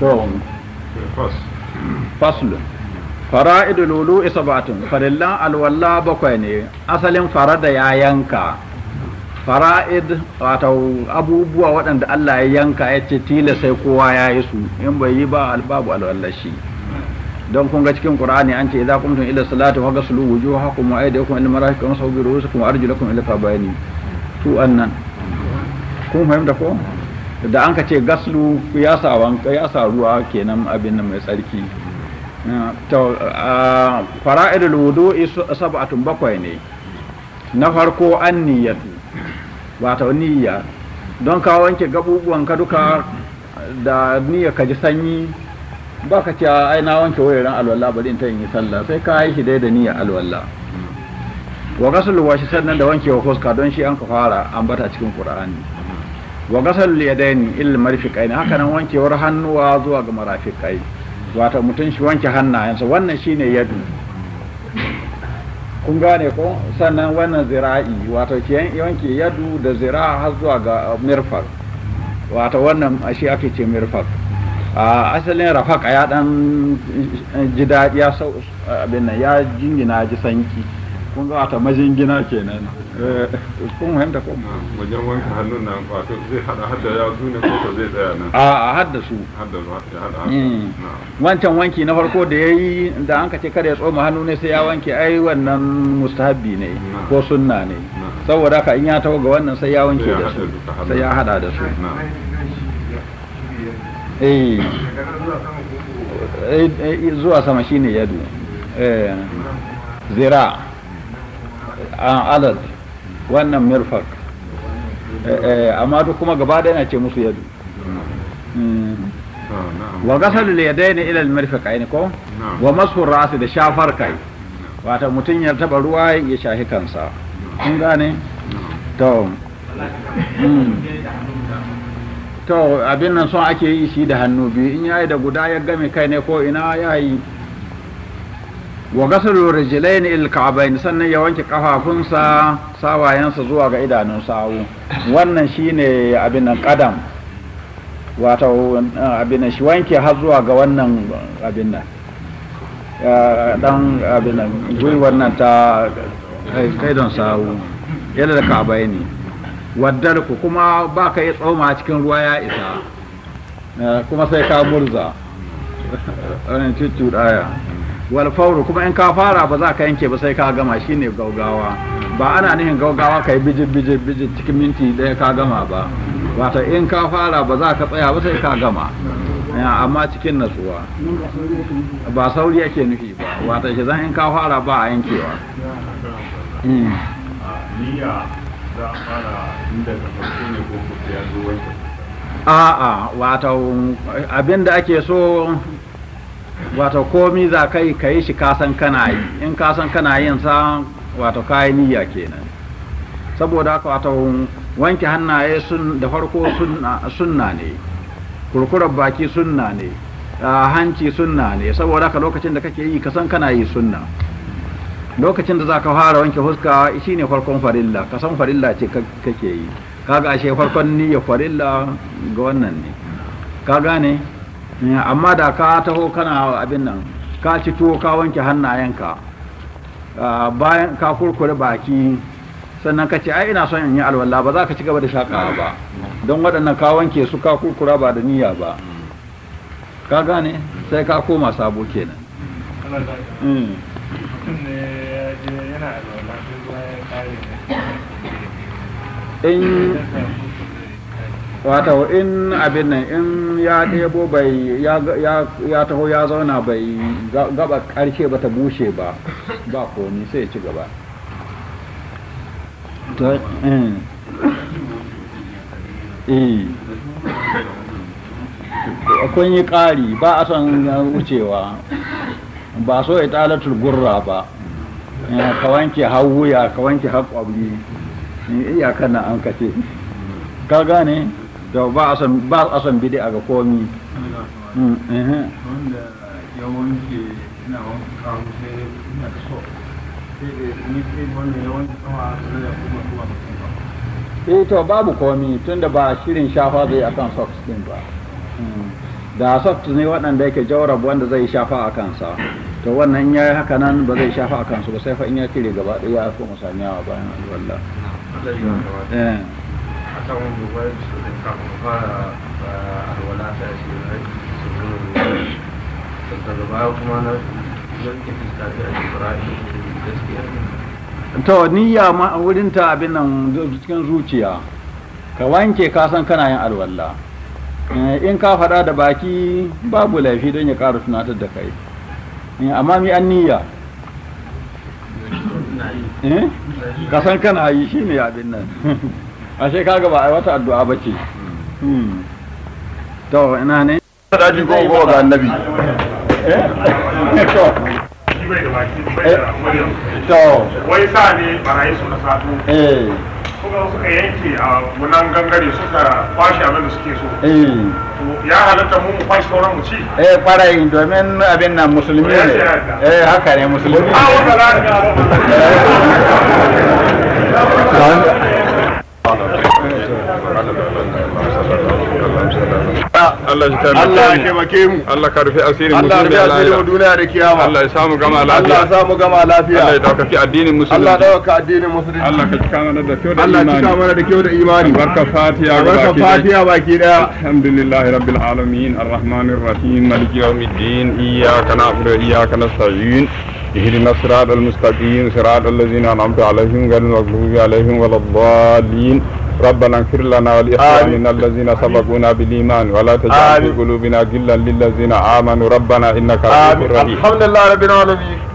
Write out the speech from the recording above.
to fasl fara'idu lulu batun farillan alwallah bakwai ne asalin da ya yanka fara'id wata abubuwa waɗanda Allah ya yanka ya ce tila sai kowa ya yi su in bai yi ba albabu shi don kun ga cikin qur'ani an ce idza qumtum ila salati fa ghaslu wujuhakum wa aydiyakum ila marafiq wa sawbiru rusukum wa arjulakum ila tabayni to annan kun fahimta ko da an ka ce gaslu ya sa ruwa kenan abin nan mai tsarki to fara'idul wudu'i sab'atun bakwai ne na farko an niyyatu wato niyya don ka wanke gabubuwan ka duka da niyya ka ji sanyi ba ka ce ai na wanke wuraren alwala bari in ta yi sallah sai ka yi shi dai da niyya alwala wa gasul washi sannan da wanke wa fuska don shi an ka fara ambata cikin qur'ani wa gasar liyadaini ilil marfiqaini haka nan wankewar hannuwa zuwa ga marafiqai wata mutum shi wanke hannayensa wannan shine yadu kun gane ko sannan wannan zira'i wata kiyan wanke yadu da zira'a har zuwa ga mirfar wata wannan shi ake ce mirfar. a asalin rafaka ya yadan ji daɗi ya sau abin nan ya jingina ji sanki kun ga wata majingina kenan Eh, kun fahimta ko ah, wajen wanke hannun nan wato zai hada hadda ya su ne ko zai tsaya nan ah, a hadda su hadda su hadda hmm. wancan wanki na farko da yayi da an kace kada ya tsoma hannu ne sai ya wanke ai wannan mustahabi ne ko sunna ne saboda haka in ya tawo ga wannan sai ya wanke da su sai ya hada da su eh zuwa sama shine yadu eh zira an ah, adad wannan mirfak eh, eh, amma duk kuma gaba da yana ce musu yadu ah, wa gasar da ya daina ilal mirfak ne ko wa masu rasu da shafar kai wata mutum ya taba ruwa ya shahi kansa kun gane hmm. to abin nan son ake yi shi da hannu biyu in yayi da guda ya game kai ne ko ina yayi wa gasulu rijlain il ka'bayn sannan ya wanke kafafunsa sawayensa zuwa ga idanun sawu wannan shine abin nan kadam wato abin nan shi wanke har zuwa ga wannan abin nan dan abin nan gwiwar wannan ta kai don sawu yadda da ka'bayn ne waddar ku kuma ba ka yi tsoma cikin ruwa ya isa eh, kuma sai ka murza Wani cucu daya wal fawru kuma in ka fara ba za ka yanke ba sai ka gama shine gaugawa ba ana nihin gaugawa kai bijib biji biji cikin minti ɗaya ka gama ba wata in ka fara ba za ka tsaya ba sai ka gama amma cikin natsuwa ba sauri yake nufi ba wata shi zan in ka fara ba a yankewa hmm. a'a wata abin da ake so wato komi za ka yi ka yi shi kasan kana yi in kasan kana yin sa wato kayan niyya kenan saboda haka wato wanke hannaye sun da farko sunna ne kurkurar baki sunna ne hanci sunna ne saboda haka lokacin da kake yi kasan kana yi sunna lokacin da za ka fara wanke fuska shi ne farkon farilla kasan farilla ce kake yi kaga ashe farkon niyya farilla ga wannan ne ka gane Eh, amma da ka taho kana abin nan ka ci tuwo ka wanke hannayenka ah, bayan ka kurkure baki sannan ka ce ai ina son in yi alwala ba za ka ci gaba da shaka ba don waɗannan ka wanke su ka kurkura ba da niyya ba ka gane sai ka koma sabo kenan hmm. in wata in abin nan in ya ɗebo bai ya taho ya zauna bai gaba ƙarshe ba ta bushe ba ba komi sai ci gaba eh, eh. kun yi ƙari ba a son wucewa ba so italatul gurra ba ka wanke hawuya ka wanke haƙwabli iya na an kace ka gane da ba a san ba a san a ga komi mm, wanda yawanci ina wanke kawo sai ina so sai ni sai sai ya kuma kuma eh to babu komi tunda ba shirin shafa zai akan soft din ba mm. da soft ne waɗanda yake jawarab wanda zai shafa a kansa to wannan ya yi haka nan ba zai shafa a kansu ba sai fa in ya cire gaba ɗaya ya fi musanyawa bayan alwallah kan mubar su kan fara alwala ta shi na su kuma na yanke ta a gaskiya to niyya ma wurin ta abin nan cikin zuciya ka wanke ka san kana yin alwala in ka faɗa da baki babu laifi don ya ƙara tunatar da kai amma mi an niyya ka san kana yi shine abin nan a ashe kaga ba a wata addu'a ba ce hmm. to ina ne daji ko ko ga annabi eh? eh, to wai sa ne barayi su na sato eh. suka yanke a gangare suka kwashe abin da suke so eh ya halatta mu mu kwashe sauran mu ci eh domin abin musulmi ne eh haka ne musulmi a الله يسلمك الله يكرمك الله كرف الله المسلمين الله يسلمك ودنا رك يا الله الله يسامو كما لا الله يسامو كما لا في الله يدعك في الدين المسلم الله يدعك في الدين المسلم الله كتك من الدكتور الايمان الله كتك من الدكتور الايمان بركة فاتحة بركة فاتحة باكي دا الحمد لله رب العالمين الرحمن الرحيم ملك يوم الدين اياك نعبد واياك نستعين اهدنا الصراط المستقيم صراط الذين انعمت عليهم غير المغضوب عليهم ولا الضالين ربنا اغفر لنا ولإخواننا الذين سبقونا بالإيمان ولا تجعل في قلوبنا غلا للذين آمنوا ربنا إنك رحيم الحمد لله رب العالمين